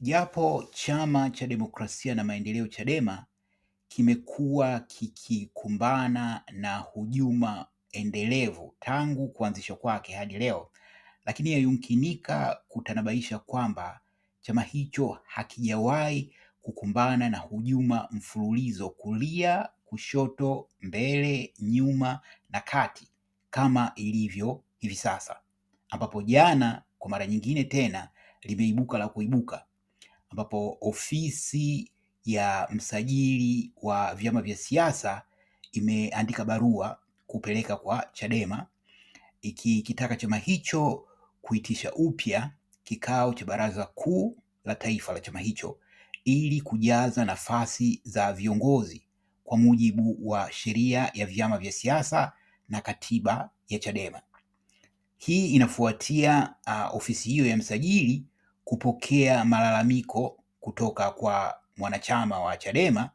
Japo chama cha demokrasia na maendeleo Chadema kimekuwa kikikumbana na hujuma endelevu tangu kuanzishwa kwake hadi leo, lakini yayumkinika kutanabaisha kwamba chama hicho hakijawahi kukumbana na hujuma mfululizo kulia, kushoto, mbele, nyuma na kati kama ilivyo hivi sasa, ambapo jana kwa mara nyingine tena limeibuka la kuibuka ambapo ofisi ya msajili wa vyama vya siasa imeandika barua kupeleka kwa Chadema ikikitaka chama hicho kuitisha upya kikao cha baraza kuu la taifa la chama hicho ili kujaza nafasi za viongozi kwa mujibu wa sheria ya vyama vya siasa na katiba ya Chadema. Hii inafuatia uh, ofisi hiyo ya msajili kupokea malalamiko kutoka kwa mwanachama wa Chadema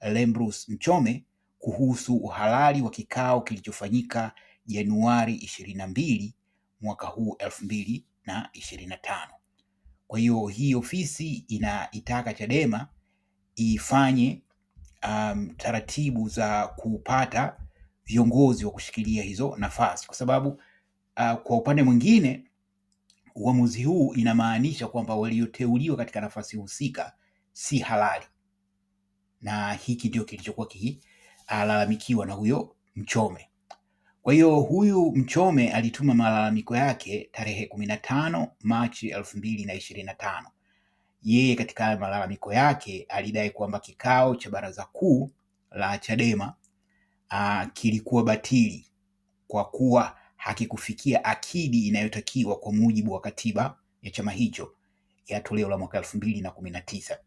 Lembrus Mchome kuhusu uhalali wa kikao kilichofanyika Januari ishirini na mbili mwaka huu elfu mbili na ishirini na tano. Kwa hiyo hii ofisi inaitaka Chadema ifanye um, taratibu za kupata viongozi wa kushikilia hizo nafasi, kwa sababu uh, kwa upande mwingine Uamuzi huu inamaanisha kwamba walioteuliwa katika nafasi husika si halali, na hiki ndio kilichokuwa kilalamikiwa na huyo Mchome. Kwa hiyo huyu Mchome alituma malalamiko yake tarehe kumi na tano Machi elfu mbili na ishirini na tano. Yeye katika malalamiko yake alidai kwamba kikao cha baraza kuu la Chadema kilikuwa batili kwa kuwa hakikufikia akidi inayotakiwa kwa mujibu wa katiba ya chama hicho ya toleo la mwaka elfu mbili na kumi na tisa.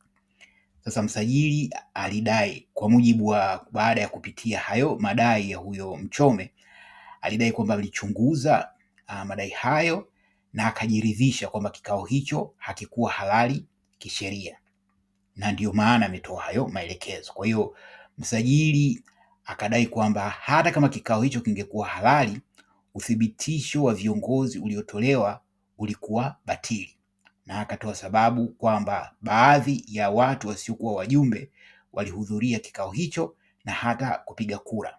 Sasa msajili alidai kwa mujibu wa, baada ya kupitia hayo madai ya huyo Mchome, alidai kwamba alichunguza uh, madai hayo na akajiridhisha kwamba kikao hicho hakikuwa halali kisheria, na ndiyo maana ametoa hayo maelekezo. Kwa hiyo msajili akadai kwamba hata kama kikao hicho kingekuwa halali uthibitisho wa viongozi uliotolewa ulikuwa batili, na akatoa sababu kwamba baadhi ya watu wasiokuwa wajumbe walihudhuria kikao hicho na hata kupiga kura.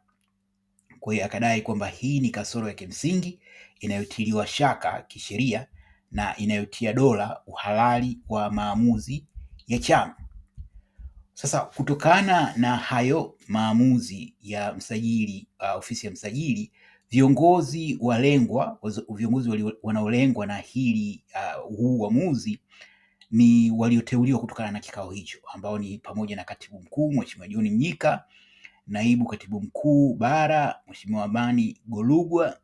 Kwa hiyo akadai kwamba hii ni kasoro ya kimsingi inayotiliwa shaka kisheria na inayotia dola uhalali wa maamuzi ya chama. Sasa kutokana na hayo maamuzi ya msajili uh, ofisi ya msajili viongozi walengwa, viongozi wanaolengwa na hili uh, huu uamuzi ni walioteuliwa kutokana na kikao hicho ambao ni pamoja na katibu mkuu Mheshimiwa John Mnyika, naibu katibu mkuu bara Mheshimiwa Amani Golugwa,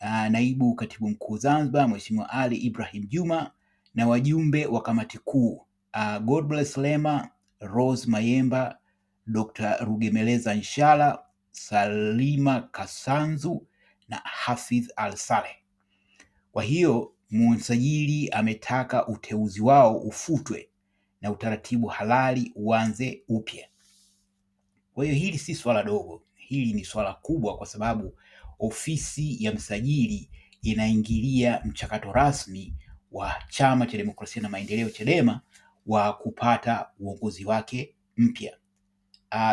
uh, naibu katibu mkuu Zanzibar Mheshimiwa Ali Ibrahim Juma na wajumbe wa kamati kuu uh, Godbless Lema, Rose Mayemba, Dr. Rugemeleza Nshala, Salima Kasanzu na Hafidh Al-Saleh. Kwa hiyo msajili ametaka uteuzi wao ufutwe na utaratibu halali uanze upya. Kwa hiyo hili si swala dogo, hili ni swala kubwa, kwa sababu ofisi ya msajili inaingilia mchakato rasmi wa Chama cha Demokrasia na Maendeleo Chadema wa kupata uongozi wake mpya.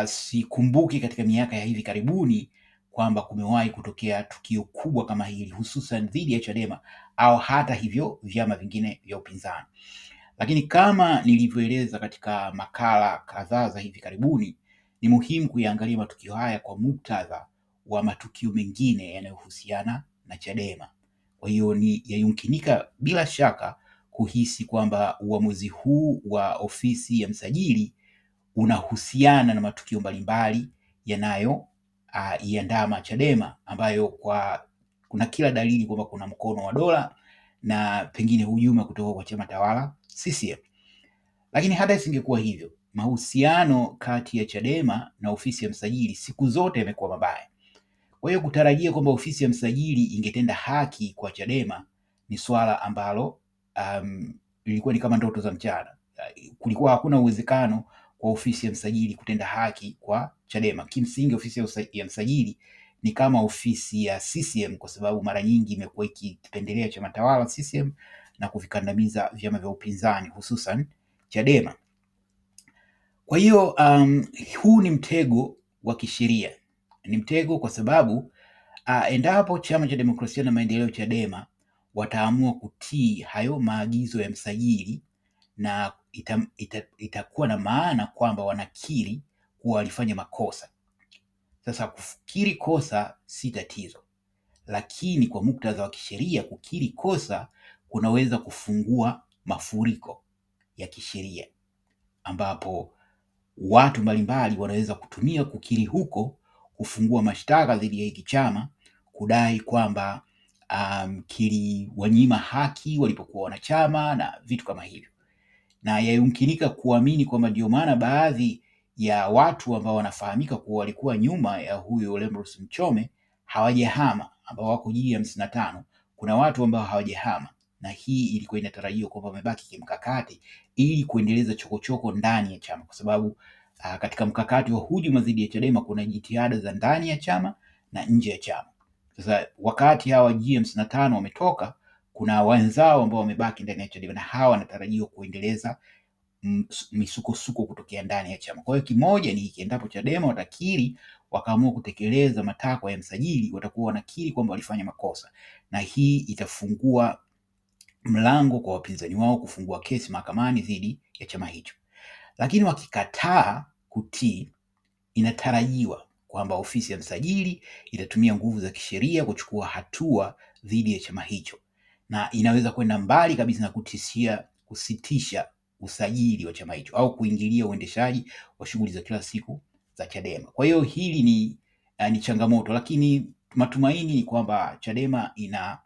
Sikumbuki katika miaka ya hivi karibuni kwamba kumewahi kutokea tukio kubwa kama hili hususan dhidi ya Chadema au hata hivyo vyama vingine vya upinzani. Lakini kama nilivyoeleza katika makala kadhaa za hivi karibuni, ni muhimu kuyaangalia matukio haya kwa muktadha wa matukio mengine yanayohusiana na Chadema. Kwa hiyo ni yayumkinika bila shaka kuhisi kwamba uamuzi huu wa ofisi ya msajili unahusiana na matukio mbalimbali yanayo uh, iandama Chadema ambayo kwa kuna kila dalili kwamba kuna mkono wa dola na pengine hujuma kutoka kwa chama tawala CCM. Lakini hata isingekuwa hivyo, mahusiano kati ya Chadema na ofisi ya msajili siku zote yamekuwa mabaya. Kwa hiyo kutarajia kwamba ofisi ya msajili ingetenda haki kwa Chadema ni swala ambalo um, ilikuwa ni kama ndoto za mchana. Kulikuwa hakuna uwezekano kwa ofisi ya msajili kutenda haki kwa Chadema. Kimsingi ofisi ya msajili ni kama ofisi ya CCM kwa sababu mara nyingi imekuwa ikipendelea chama tawala CCM na kuvikandamiza vyama vya upinzani hususan Chadema. Kwa hiyo um, huu ni mtego wa kisheria, ni mtego kwa sababu uh, endapo chama cha demokrasia na maendeleo Chadema wataamua kutii hayo maagizo ya msajili na itakuwa ita, ita na maana kwamba wanakiri kuwa alifanya makosa. Sasa kufikiri kosa si tatizo, lakini kwa muktadha wa kisheria kukiri kosa kunaweza kufungua mafuriko ya kisheria, ambapo watu mbalimbali wanaweza kutumia kukiri huko kufungua mashtaka dhidi ya hiki chama kudai kwamba um, kiliwanyima haki walipokuwa wanachama na vitu kama hivyo, na yayumkinika kuamini kwamba ndio maana baadhi ya watu ambao wanafahamika kuwa walikuwa nyuma ya huyo Lembrus Mchome hawajahama, ambao wako jiji hamsini na tano. Kuna watu ambao hawajahama, na hii ilikuwa inatarajiwa kwamba wamebaki kimkakati ili kuendeleza chokochoko ndani ya chama, kwa sababu uh, katika mkakati wa hujuma dhidi ya Chadema kuna jitihada za ndani ya chama na nje ya chama. Sasa wakati hawa G na tano wametoka, kuna wenzao ambao wamebaki ndani ya Chadema na hawa wanatarajiwa kuendeleza misukosuko kutokea ndani ya chama. Kwa hiyo kimoja ni kiendapo Chadema watakiri wakaamua kutekeleza matakwa ya msajili, watakuwa wanakiri kwamba walifanya makosa, na hii itafungua mlango kwa wapinzani wao kufungua kesi mahakamani dhidi ya chama hicho. Lakini wakikataa kutii, inatarajiwa kwamba ofisi ya msajili itatumia nguvu za kisheria kuchukua hatua dhidi ya chama hicho, na inaweza kwenda mbali kabisa na kutishia kusitisha usajili wa chama hicho au kuingilia uendeshaji wa shughuli za kila siku za Chadema. Kwa hiyo hili ni, uh, ni changamoto, lakini matumaini ni kwamba Chadema ina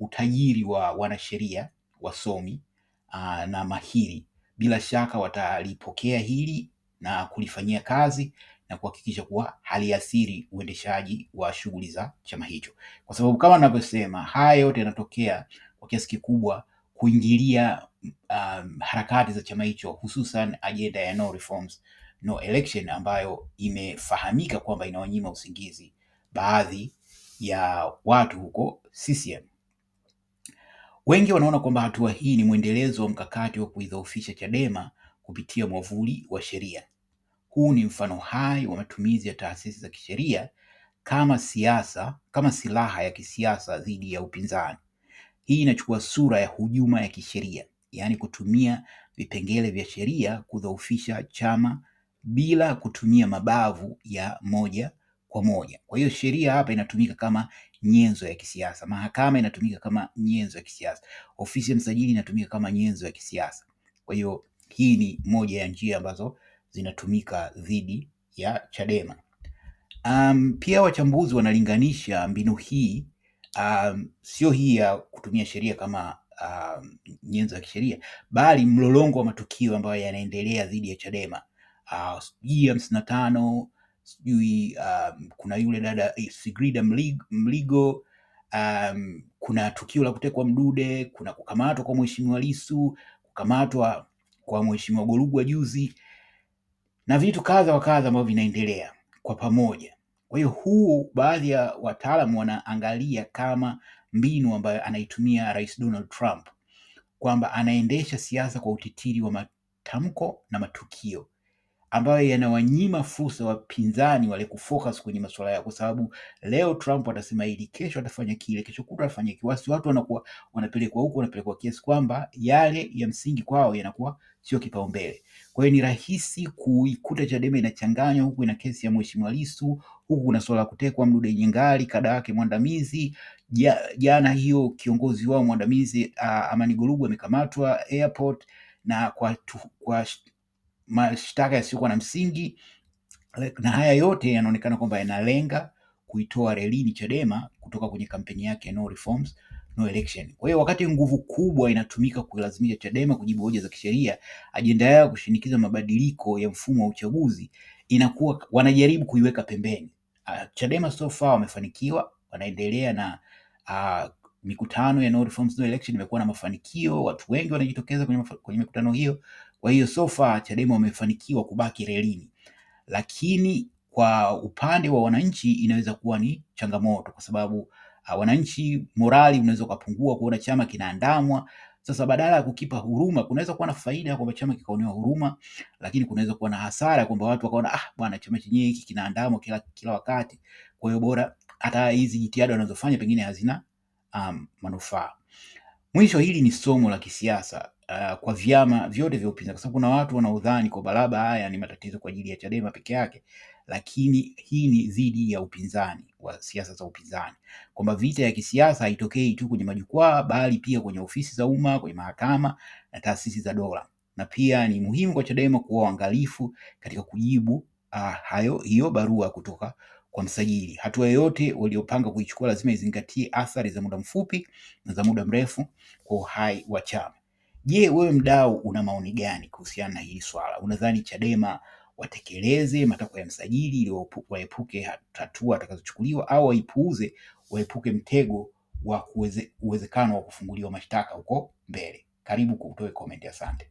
utajiri wa wanasheria wasomi uh, na mahiri. Bila shaka watalipokea hili na kulifanyia kazi na kuhakikisha kuwa haliathiri uendeshaji wa shughuli za chama hicho, kwa sababu kama ninavyosema, haya yote yanatokea kwa kiasi kikubwa kuingilia um, harakati za chama hicho hususan ajenda ya no reforms no election ambayo imefahamika kwamba inawanyima usingizi baadhi ya watu huko CCM. Wengi wanaona kwamba hatua hii ni mwendelezo wa mkakati wa kuidhoofisha Chadema kupitia mwavuli wa sheria. Huu ni mfano hai wa matumizi ya taasisi za kisheria kama siasa, kama silaha ya kisiasa dhidi ya upinzani. Hii inachukua sura ya hujuma ya kisheria yaani kutumia vipengele vya sheria kudhoofisha chama bila kutumia mabavu ya moja kwa moja. Kwa hiyo sheria hapa inatumika kama nyenzo ya kisiasa, mahakama inatumika kama nyenzo ya kisiasa, ofisi ya msajili inatumika kama nyenzo ya kisiasa. Kwa hiyo hii ni moja ya njia ambazo zinatumika dhidi ya Chadema. Um, pia wachambuzi wanalinganisha mbinu hii um, sio hii ya kutumia sheria kama uh, nyenzo ya kisheria, bali mlolongo wa matukio ambayo yanaendelea dhidi ya Chadema uh, sijui hamsini na tano sijui um, kuna yule dada eh, Sigrida Mligo um, kuna tukio la kutekwa Mdude, kuna kukamatwa kwa mheshimiwa Lisu, kukamatwa kwa mheshimiwa Golugwa juzi na vitu kadha wa kadha ambavyo vinaendelea kwa pamoja. Kwa hiyo huu, baadhi ya wataalamu wanaangalia kama mbinu ambayo anaitumia Rais Donald Trump kwamba anaendesha siasa kwa utitiri wa matamko na matukio ambayo yanawanyima fursa wapinzani wale kufocus kwenye masuala yao, kwa sababu leo Trump atasema hili, kesho atafanya kile, kesho kutwa atafanya kiwasi. Watu wanakuwa wanapelekwa huko, wanapelekwa kiasi kwamba yale ya msingi kwao yanakuwa sio kipaumbele. Kwa hiyo ni rahisi kuikuta Chadema inachanganywa, huku ina kesi ya Mheshimiwa Lissu, huku kuna swala la kutekwa Mdude Nyengali, kada yake mwandamizi jana, hiyo kiongozi wao mwandamizi ah, Amani Golugwa amekamatwa airport na kwa, tu, kwa mashtaka yasiyokuwa na msingi, na haya yote yanaonekana kwamba yanalenga kuitoa relini Chadema kutoka kwenye kampeni yake no reforms no election. Kwa hiyo wakati nguvu kubwa inatumika kuilazimisha Chadema kujibu hoja za kisheria, ajenda yao ya kushinikiza mabadiliko ya mfumo wa uchaguzi inakuwa wanajaribu kuiweka pembeni. Ah, Chadema so far wamefanikiwa, wanaendelea na uh, mikutano ya no reforms no election imekuwa na mafanikio, watu wengi wanajitokeza kwenye, kwenye mikutano hiyo, kwa hiyo so far Chadema wamefanikiwa kubaki relini, lakini kwa upande wa wananchi inaweza kuwa ni changamoto, kwa sababu uh, wananchi morali unaweza ukapungua kuona chama kinaandamwa. Sasa badala ya kukipa huruma, kunaweza kuwa na faida kwamba chama kikaonewa huruma, lakini kunaweza kuwa na hasara kwamba watu wakaona, ah bwana, chama chenyewe hiki kinaandamwa kila, kila wakati, kwa hiyo bora hata hizi jitihada wanazofanya pengine hazina um, manufaa. Mwisho, hili ni somo la kisiasa uh, kwa vyama vyote vya upinzani, kwa sababu kuna watu wanaodhani kwa baraba haya ni matatizo kwa ajili ya Chadema peke yake, lakini hii ni dhidi ya upinzani wa siasa za upinzani, kwamba vita ya kisiasa haitokei tu kwenye majukwaa, bali pia kwenye ofisi za umma, kwenye mahakama na taasisi za dola. Na pia ni muhimu kwa Chadema kuwa waangalifu katika kujibu uh, hayo hiyo barua kutoka kwa msajili. Hatua yoyote waliopanga kuichukua lazima izingatie athari za muda mfupi na za muda mrefu kwa uhai wa chama. Je, wewe mdau una maoni gani kuhusiana na hili swala? Unadhani Chadema watekeleze matakwa ya msajili ili waepuke hatua atakazochukuliwa au waipuuze, waepuke mtego wa uwezekano wa kufunguliwa mashtaka huko mbele? Karibu kutoe comment. Asante.